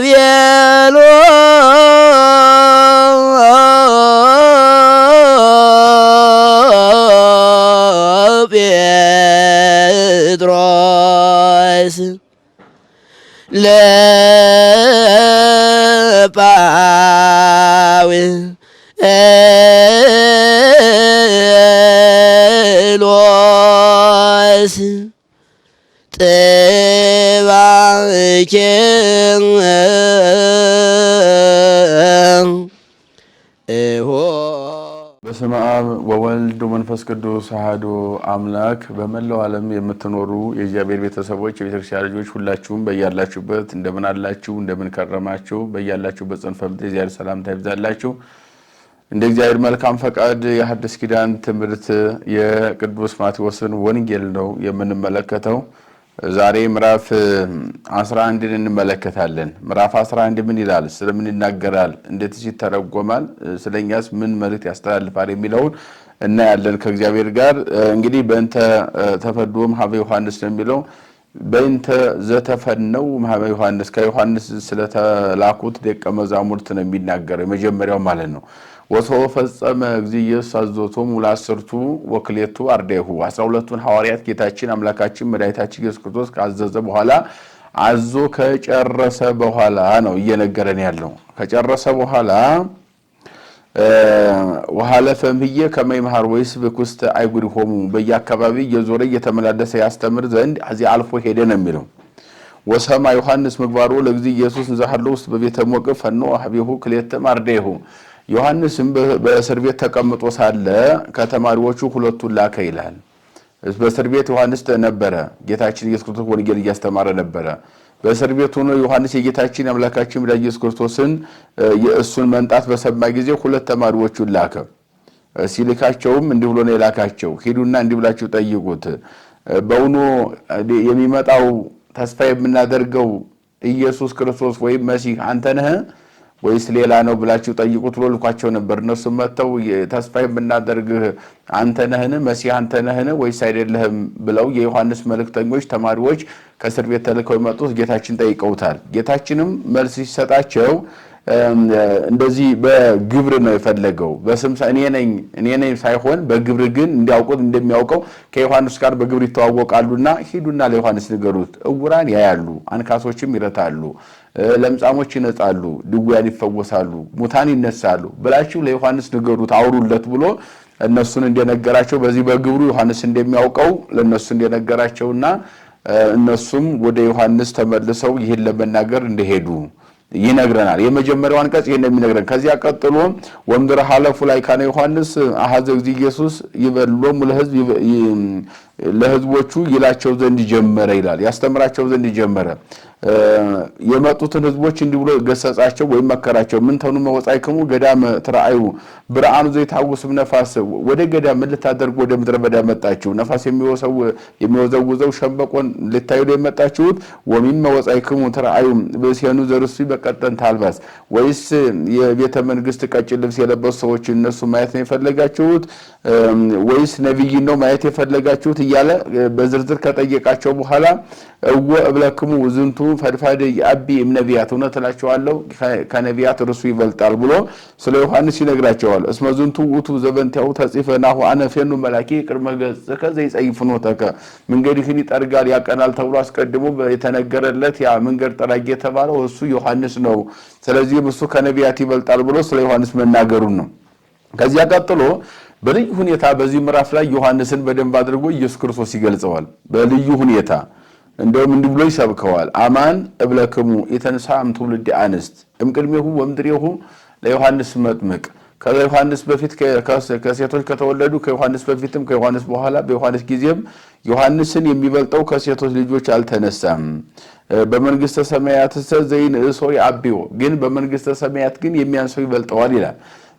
¡Bien! መንፈስ ቅዱስ አህዶ አምላክ በመላው ዓለም የምትኖሩ የእግዚአብሔር ቤተሰቦች የቤተክርስቲያን ልጆች ሁላችሁም በያላችሁበት እንደምን አላችሁ? እንደምን ከረማችሁ? በያላችሁበት ጽንፈ ምድር እግዚአብሔር ሰላምታ ይብዛላችሁ። እንደ እግዚአብሔር መልካም ፈቃድ የሐዲስ ኪዳን ትምህርት የቅዱስ ማቴዎስን ወንጌል ነው የምንመለከተው። ዛሬ ምዕራፍ 11ን እንመለከታለን። ምዕራፍ 11 ምን ይላል? ስለምን ይናገራል? እንዴትስ ይተረጎማል? ስለኛስ ምን መልእክት ያስተላልፋል? የሚለውን እናያለን ከእግዚአብሔር ጋር እንግዲህ በእንተ ተፈድዎም ሀበ ዮሐንስ ነው የሚለው በእንተ ዘተፈነው ሀበ ዮሐንስ ከዮሐንስ ስለተላኩት ደቀ መዛሙርት ነው የሚናገረው የመጀመሪያው ማለት ነው ወሶ ፈጸመ እግዚእ ኢየሱስ ለአስርቱ ወክሌቱ አርዳይሁ አስራ ሁለቱን ሐዋርያት ጌታችን አምላካችን መድኃኒታችን ኢየሱስ ክርስቶስ ካዘዘ በኋላ አዞ ከጨረሰ በኋላ ነው እየነገረን ያለው ከጨረሰ በኋላ ወሃለፈ እምዬ ከመ ይምሃር ወይስብክ ውስተ አይጉድሆሙ በየአካባቢ እየዞረ እየተመላለሰ ያስተምር ዘንድ እዚያ አልፎ ሄደ ነው የሚለው። ወሰማ ዮሐንስ ምግባሩ ለጊዜ ኢየሱስ እንዛሃሎ ውስጥ በቤተ ሞቅ ፈኖ አህቢሁ ክሌተ ማርዴሁ ዮሐንስም በእስር ቤት ተቀምጦ ሳለ ከተማሪዎቹ ሁለቱን ላከ ይላል። በእስር ቤት ዮሐንስ ነበረ። ጌታችን ኢየሱስ ክርስቶስ ወንጌል እያስተማረ ነበረ። በእስር ቤት ሆኖ ዮሐንስ የጌታችን የአምላካችን መድኃኒታችን ኢየሱስ ክርስቶስን የእሱን መምጣት በሰማ ጊዜ ሁለት ተማሪዎቹን ላከ። ሲልካቸውም እንዲህ ብሎ ነው የላካቸው፣ ሂዱና እንዲህ ብላችሁ ጠይቁት፣ በእውኑ የሚመጣው ተስፋ የምናደርገው ኢየሱስ ክርስቶስ ወይም መሲህ አንተ ነህ? ወይስ ሌላ ነው ብላችሁ ጠይቁት ብሎ ልኳቸው ነበር። እነሱ መጥተው ተስፋ የምናደርግህ አንተ ነህን? መሲህ አንተ ነህን? ወይስ አይደለህም? ብለው የዮሐንስ መልእክተኞች ተማሪዎች ከእስር ቤት ተልከው የመጡት ጌታችን ጠይቀውታል። ጌታችንም መልስ ሲሰጣቸው እንደዚህ በግብር ነው የፈለገው። በስም እኔ ነኝ ሳይሆን በግብር ግን እንዲያውቁት እንደሚያውቀው ከዮሐንስ ጋር በግብር ይተዋወቃሉና ሂዱና ለዮሐንስ ንገሩት፣ እውራን ያያሉ፣ አንካሶችም ይረታሉ፣ ለምጻሞች ይነጻሉ፣ ድውያን ይፈወሳሉ፣ ሙታን ይነሳሉ ብላችሁ ለዮሐንስ ንገሩት አውሩለት ብሎ እነሱን እንደነገራቸው በዚህ በግብሩ ዮሐንስ እንደሚያውቀው ለእነሱ እንደነገራቸውና እነሱም ወደ ዮሐንስ ተመልሰው ይህን ለመናገር እንደሄዱ ይነግረናል። የመጀመሪያው አንቀጽ ይሄን የሚነግረን ከዚያ ቀጥሎ ወምድር ሀለፉ ላይ ካነ ዮሐንስ አሐዘ እግዚእ ኢየሱስ ይበሎም ለህዝብ ለህዝቦቹ ይላቸው ዘንድ ጀመረ ይላል። ያስተምራቸው ዘንድ ጀመረ። የመጡትን ህዝቦች እንዲህ ብሎ ገሰጻቸው ወይም መከራቸው። ምን ተኑ መወጻእክሙ ገዳመ ትራእዩ ብርሃኑ ዘይታውስም ነፋስ። ወደ ገዳም ምን ልታደርጉ ወደ ምድረ በዳ መጣችሁ? ነፋስ የሚወዘውዘው ሸንበቆን ልታዩ የመጣችሁት። ወሚን መወጻእክሙ ትራእዩ ብእሲኑ ዘርሱ በቀጠን ታልባስ። ወይስ የቤተ መንግስት ቀጭን ልብስ የለበሱ ሰዎች እነሱ ማየት ነው የፈለጋችሁት? ወይስ ነቢይን ነው ማየት የፈለጋችሁት? እያለ በዝርዝር ከጠየቃቸው በኋላ እወ እብለክሙ ዝንቱ ፈድፋድ የአቢ እምነቢያት እውነት እላቸዋለሁ ከነቢያት እርሱ ይበልጣል ብሎ ስለ ዮሐንስ ይነግራቸዋል። እስመ ዝንቱ ውቱ ዘበንቲያው ተጽፈ ናሁ አነፌኑ መላኪ ቅድመ ገጽከ ዘይጸይፍኖ ተከ መንገድህን ይጠርጋል ያቀናል ተብሎ አስቀድሞ የተነገረለት ያ መንገድ ጠራጊ የተባለው እሱ ዮሐንስ ነው። ስለዚህም እሱ ከነቢያት ይበልጣል ብሎ ስለ ዮሐንስ መናገሩን ነው። ከዚያ ቀጥሎ በልዩ ሁኔታ በዚህ ምዕራፍ ላይ ዮሐንስን በደንብ አድርጎ ኢየሱስ ክርስቶስ ይገልጸዋል። በልዩ ሁኔታ እንደውም እንዲህ ብሎ ይሰብከዋል። አማን እብለክሙ የተንሳ እምትውልድ አንስት እምቅድሜሁ ወምድሬሁ ለዮሐንስ መጥምቅ ከዮሐንስ በፊት ከሴቶች ከተወለዱ ከዮሐንስ በፊትም ከዮሐንስ በኋላ በዮሐንስ ጊዜም ዮሐንስን የሚበልጠው ከሴቶች ልጆች አልተነሳም። በመንግስተ ሰማያት ዘይን እሶ አቢዮ ግን በመንግስተ ሰማያት ግን የሚያንሰው ይበልጠዋል ይላል።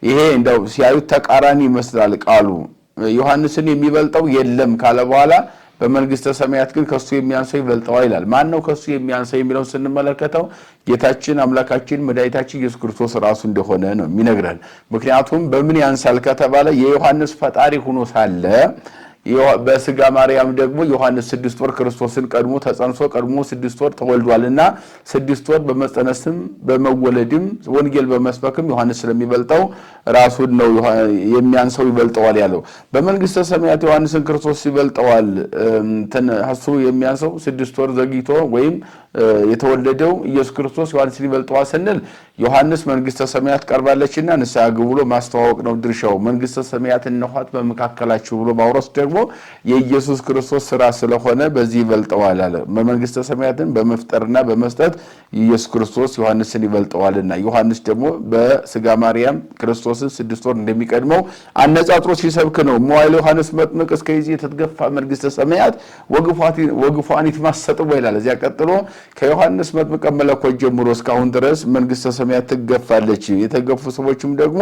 ይሄ እንደው ሲያዩት ተቃራኒ ይመስላል ቃሉ። ዮሐንስን የሚበልጠው የለም ካለ በኋላ በመንግስተ ሰማያት ግን ከሱ የሚያንሰው ይበልጠዋ ይላል። ማን ነው ከሱ የሚያንሰው የሚለውን ስንመለከተው ጌታችን አምላካችን መድኃኒታችን ኢየሱስ ክርስቶስ ራሱ እንደሆነ ነው የሚነግረን። ምክንያቱም በምን ያንሳል ከተባለ የዮሐንስ ፈጣሪ ሆኖ ሳለ በስጋ ማርያም ደግሞ ዮሐንስ ስድስት ወር ክርስቶስን ቀድሞ ተጸንሶ ቀድሞ ስድስት ወር ተወልዷልና ስድስት ወር በመጸነስም በመወለድም ወንጌል በመስበክም ዮሐንስ ስለሚበልጠው ራሱን ነው የሚያንሰው ይበልጠዋል ያለው። በመንግስተ ሰማያት ዮሐንስን ክርስቶስ ይበልጠዋል። እሱ የሚያንሰው ስድስት ወር ዘግይቶ ወይም የተወለደው ኢየሱስ ክርስቶስ ዮሐንስ ሊበልጠዋ ስንል ዮሐንስ መንግሥተ ሰማያት ቀርባለችና ንስሐ ግቡ ብሎ ማስተዋወቅ ነው ድርሻው። መንግሥተ ሰማያት እነኋት በመካከላችሁ ብሎ ማውረስ ደግሞ የኢየሱስ ክርስቶስ ስራ ስለሆነ በዚህ ይበልጠዋል አለ። መንግሥተ ሰማያትን በመፍጠርና በመስጠት ኢየሱስ ክርስቶስ ዮሐንስን ይበልጠዋልና ዮሐንስ ደግሞ በስጋ ማርያም ክርስቶስን ስድስት ወር እንደሚቀድመው አነጻጥሮ ሲሰብክ ነው። መዋይል ዮሐንስ መጥምቅ እስከዚህ ይዜ የተትገፋ መንግሥተ ሰማያት ወግፏኒት ይትማሰጥ ይላል። እዚያ ቀጥሎ ከዮሐንስ መጥምቀ መለኮት ጀምሮ እስካሁን ድረስ መንግስተ ሰማያት ትገፋለች፣ የተገፉ ሰዎችም ደግሞ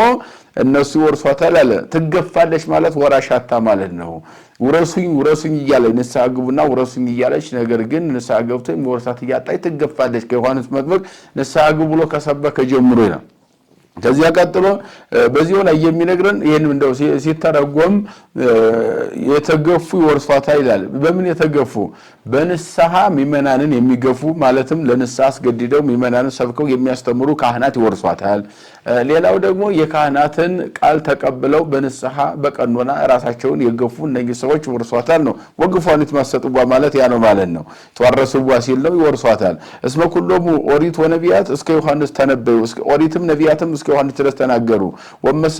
እነሱ ይወርሷታል አለ። ትገፋለች ማለት ወራሻታ ማለት ነው። ውረሱኝ ውረሱኝ እያለ ንስሐ ግቡና ውረሱኝ እያለች ነገር ግን ንስሐ ገብቶ የሚወርሳት እያጣች ትገፋለች። ከዮሐንስ መጥምቅ ንስሐ ግቡ ብሎ ከሰበከ ጀምሮ ይላል ከዚያ ቀጥሎ በዚሁ ላይ የሚነግረን ይህን እንደው ሲተረጎም የተገፉ ይወርሷታል ይላል። በምን የተገፉ? በንስሐ ሚመናንን የሚገፉ ማለትም ለንስሐ አስገድደው ሚመናንን ሰብከው የሚያስተምሩ ካህናት ይወርሷታል። ሌላው ደግሞ የካህናትን ቃል ተቀብለው በንስሐ በቀኖና ራሳቸውን የገፉ እነዚህ ሰዎች ይወርሷታል ነው። ወግፏኒት ማሰጥቧ ማለት ያ ነው ማለት ነው። ተዋረስቧ ሲል ነው ይወርሷታል። እስመ ኩሎሙ ኦሪት ወነቢያት እስከ ዮሐንስ ተነበዩ ኦሪትም ነቢያትም እስከ ዮሐንስ ድረስ ተናገሩ። ወመሰ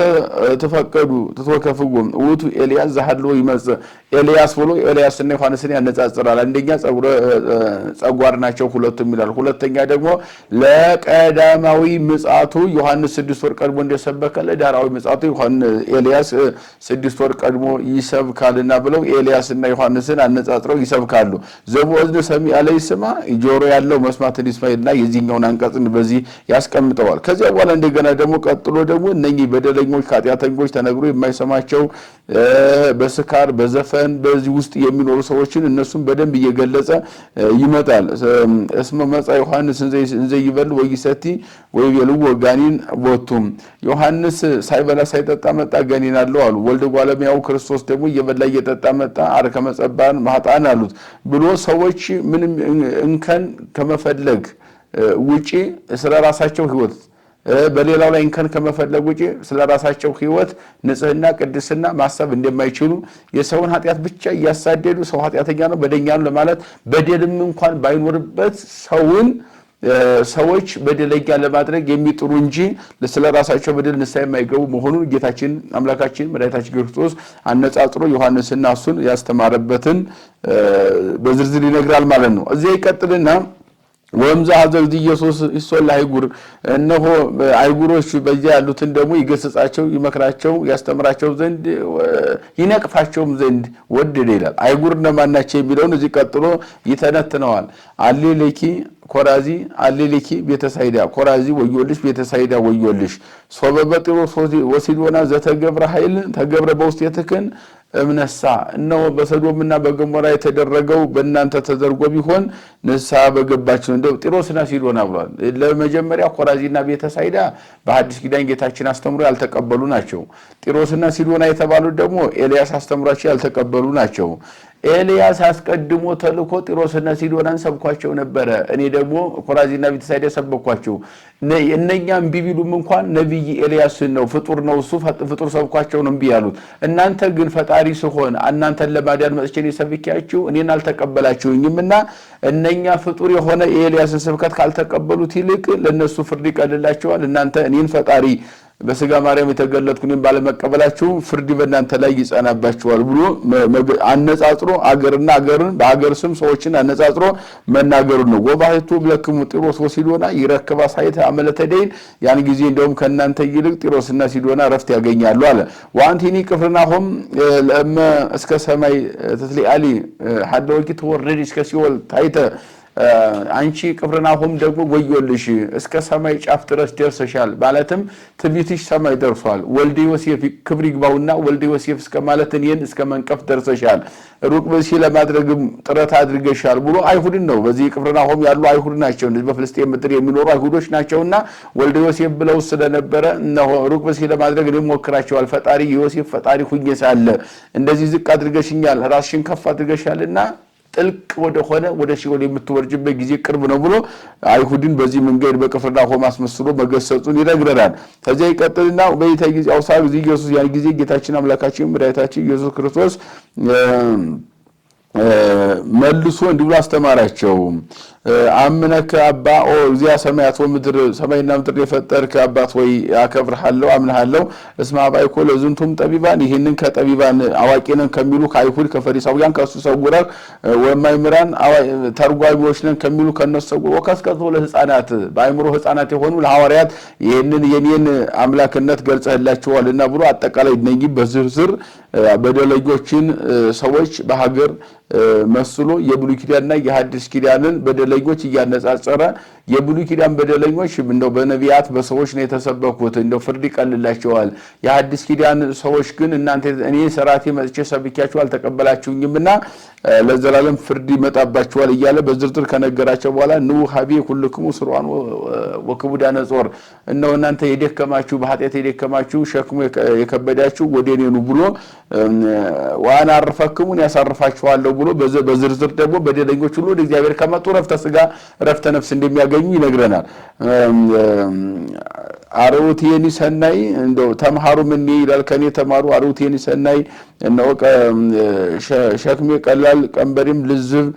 ተፈቀዱ ተተከፍጉ ውቱ ኤልያስ ዘሀሎ ይመጽእ ኤልያስ ብሎ ኤልያስና ዮሐንስን ያነጻጽራል። አንደኛ ጸጓር ናቸው ሁለቱም ይላል። ሁለተኛ ደግሞ ለቀዳማዊ ምጻቱ ዮሐንስ ስድስት ወር ቀድሞ እንደሰበከ ለዳራዊ ምጽአቱ ኤልያስ ስድስት ወር ቀድሞ ይሰብካልና ብለው ኤልያስና ዮሐንስን አነጻጽረው ይሰብካሉ። ዘቦዝን ሰሚ ያለ ይስማ ጆሮ ያለው መስማትን ይስማ ይልና የዚህኛውን አንቀጽን በዚህ ያስቀምጠዋል። ከዚያ በኋላ እንደገና ደግሞ ቀጥሎ ደግሞ እነኚህ በደለኞች ኃጢአተኞች ተነግሮ የማይሰማቸው በስካር በዘፈን በዚህ ውስጥ የሚኖሩ ሰዎችን እነሱም በደንብ እየገለጸ ይመጣል። እስመ መጻ ዮሐንስ እንዘ ይበል ወይ ሰቲ ወይ ወይቤልዎ ጋኒን ወቱም ዮሐንስ ሳይበላ ሳይጠጣ መጣ ገኒን አለው አሉ። ወልደ ጓለሚያው ክርስቶስ ደግሞ እየበላ እየጠጣ መጣ አርከ መጸባን ማጣን አሉት ብሎ ሰዎች ምንም እንከን ከመፈለግ ውጪ ስለ ራሳቸው ህይወት በሌላው ላይ እንከን ከመፈለግ ውጪ ስለ ራሳቸው ህይወት ንጽህና፣ ቅድስና ማሰብ እንደማይችሉ የሰውን ኃጢአት ብቻ እያሳደዱ ሰው ኃጢአተኛ ነው በደኛ ነው ለማለት በደልም እንኳን ባይኖርበት ሰውን ሰዎች በደለኛ ለማድረግ የሚጥሩ እንጂ ስለ ራሳቸው በደል ንስሐ የማይገቡ መሆኑን ጌታችን አምላካችን መድኃኒታችን ክርስቶስ አነጻጽሮ ዮሐንስና እሱን ያስተማረበትን በዝርዝር ይነግራል ማለት ነው። እዚያ ይቀጥልና ወምዛ ሀዘግዚ ኢየሱስ ይሶል አይጉር እነሆ አይጉሮች በዚያ ያሉትን ደግሞ ይገስጻቸው፣ ይመክራቸው፣ ያስተምራቸው ዘንድ ይነቅፋቸውም ዘንድ ወደደ ይላል። አይጉር እነማናቸው የሚለውን እዚህ ቀጥሎ ይተነትነዋል። አሌሌኪ ኮራዚ አሌሌኪ ቤተሳይዳ ኮራዚ ወዮልሽ፣ ቤተሳይዳ ወዮልሽ። ሶበበጢሮስ ወሲዶና ዘተገብረ ኃይል ተገብረ በውስጥ የትክን እምነሳ እነሆ በሰዶምና በገሞራ የተደረገው በእናንተ ተደርጎ ቢሆን ንስሐ በገባችሁ። እንደው ጢሮስና ሲዶና ብሏል። ለመጀመሪያ ኮራዚና ቤተሳይዳ በሐዲስ ኪዳን ጌታችን አስተምሮ ያልተቀበሉ ናቸው። ጢሮስና ሲዶና የተባሉት ደግሞ ኤልያስ አስተምሯቸው ያልተቀበሉ ናቸው። ኤልያስ አስቀድሞ ተልኮ ጢሮስና ሲዶናን ሰብኳቸው ነበረ። እኔ ደግሞ ኮራዚና ቤተሳይደ ሰበኳቸው። እነኛም ቢቢሉም እንኳን ነቢይ ኤልያስን ነው ፍጡር ነው እሱ ፍጡር ሰብኳቸው ነው እምቢ ያሉት። እናንተ ግን ፈጣሪ ስሆን እናንተን ለማዳን መጥቼ እኔ እኔን አልተቀበላችሁኝም እና እነኛ ፍጡር የሆነ የኤልያስን ስብከት ካልተቀበሉት ይልቅ ለእነሱ ፍርድ ይቀልላቸዋል። እናንተ እኔን ፈጣሪ በስጋ ማርያም የተገለጥኩ እኔም ባለመቀበላችሁ ፍርድ በእናንተ ላይ ይጸናባችኋል ብሎ አነጻጽሮ አገርና አገርን በአገር ስም ሰዎችን አነጻጽሮ መናገሩ ነው። ወባህቱ ብለክሙ ጢሮስ ወሲዶና ይረክባ ሳይት አመለተደይን ያን ጊዜ እንደውም ከእናንተ ይልቅ ጢሮስና ሲዶና ረፍት ያገኛሉ አለ። ወአንቲኒ ቅፍርናሆም ለእመ እስከ ሰማይ ተትሊአሊ ሀደወቂ ተወረድ እስከ ሲወል ታይተ አንቺ ቅፍርናሆም ደግሞ ወዮልሽ እስከ ሰማይ ጫፍ ድረስ ደርሰሻል፣ ማለትም ትቢትሽ ሰማይ ደርሷል። ወልደ ዮሴፍ ክብር ይግባውና ወልደ ዮሴፍ እስከ ማለት እኔን እስከ መንቀፍ ደርሰሻል፣ ሩቅ ብእሲ ለማድረግም ጥረት አድርገሻል ብሎ አይሁድን ነው። በዚህ ቅፍርናሆም ያሉ አይሁድ ናቸው። እነዚህ በፍልስጤም ምድር የሚኖሩ አይሁዶች ናቸውና ወልደ ዮሴፍ ብለው ስለነበረ እነሆ ሩቅ ብእሲ ለማድረግ እኔም ሞክራቸዋል። ፈጣሪ የዮሴፍ ፈጣሪ ሁኜ ሳለ እንደዚህ ዝቅ አድርገሽኛል፣ ራስሽን ከፍ አድርገሻልና ጥልቅ ወደሆነ ወደ ሲኦል የምትወርጅበት ጊዜ ቅርብ ነው ብሎ አይሁድን በዚህ መንገድ በቅፍርናሆም አስመስሎ መገሰጹን ይነግረናል። ከዚያ ይቀጥልና በይታ ጊዜ አውሳ ኢየሱስ ያን ጊዜ ጌታችን አምላካችን መድኃኒታችን ኢየሱስ ክርስቶስ መልሶ እንዲህ ብሎ አስተማራቸው። አምነከ አባ ኦ እዚያ ሰማያት ወምድር ሰማይና ምድር የፈጠርክ አባት ወይ አከብርሃለሁ፣ አምንሃለሁ። እስመ አብአይኮ ለዝንቱም ጠቢባን ይህንን ከጠቢባን አዋቂ ነን ከሚሉ ከአይሁድ ከፈሪሳውያን ከእሱ ሰውረህ፣ ወማይምራን ተርጓሚዎች ነን ከሚሉ ከእነሱ ሰውረህ፣ ወከስከቶ ለሕፃናት በአእምሮ ሕፃናት የሆኑ ለሐዋርያት ይህንን የኔን አምላክነት ገልጸህላቸዋልና ብሎ አጠቃላይ ነኝ በዝርዝር በደለጆችን ሰዎች በሀገር መስሎ የብሉይ ኪዳንና የሐዲስ ኪዳንን በደለኞች እያነጻጸረ የብሉይ ኪዳን በደለኞች እንደው በነቢያት በሰዎች ነው የተሰበኩት፣ እንደው ፍርድ ይቀልላቸዋል። የአዲስ ኪዳን ሰዎች ግን እናንተ እኔ ሰራቴ መጥቼ ሰብኪያችሁ አልተቀበላችሁኝምና ለዘላለም ፍርድ ይመጣባችኋል እያለ በዝርዝር ከነገራቸው በኋላ ንዑ ሀቤ ኩልክሙ ስሩዓን ወክቡዳነ ጾር፣ እነሆ እናንተ የደከማችሁ በኃጢአት የደከማችሁ ሸክሙ የከበዳችሁ ወደ እኔ ኑ ብሎ ዋና አርፈክሙን ያሳርፋችኋለሁ ብሎ በዝርዝር ደግሞ በደለኞች ሁሉ ወደ እግዚአብሔር ከመጡ ረፍተ ስጋ ረፍተ ነፍስ እንደሚያገ እንዳገኙ ይነግረናል። የኒ ሰናይ እንደው ተምሃሩ ምን ይላል ከኔ ተማሩ የኒ ሰናይ እነሆ ሸክሜ ቀላል ቀንበሬም ልዝብ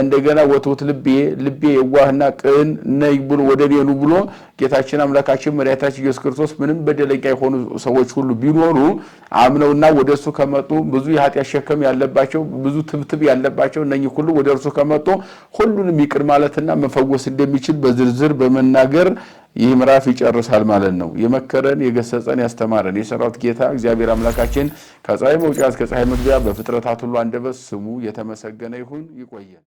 እንደገና ወትውት ልቤ ልቤ የዋህና ቅን ነይ ብሎ ወደ እኔ ኑ ብሎ ጌታችን አምላካችን መድኃኒታችን ኢየሱስ ክርስቶስ ምንም በደለኛ የሆኑ ሰዎች ሁሉ ቢኖሩ አምነውና ወደ እርሱ ከመጡ ብዙ የኃጢአት ሸክም ያለባቸው ብዙ ትብትብ ያለባቸው እነኚህ ሁሉ ወደ እርሱ ከመጡ ሁሉንም ይቅር ማለትና መፈወስ እንደሚችል በዝርዝር በመናገር ይህ ምዕራፍ ይጨርሳል ማለት ነው። የመከረን የገሰጸን ያስተማረን የሰራዊት ጌታ እግዚአብሔር አምላካችን ከፀሐይ መውጫ እስከ ፀሐይ መግቢያ በፍጥረታት ሁሉ አንደበት ስሙ የተመሰገነ ይሁን። ይቆየን።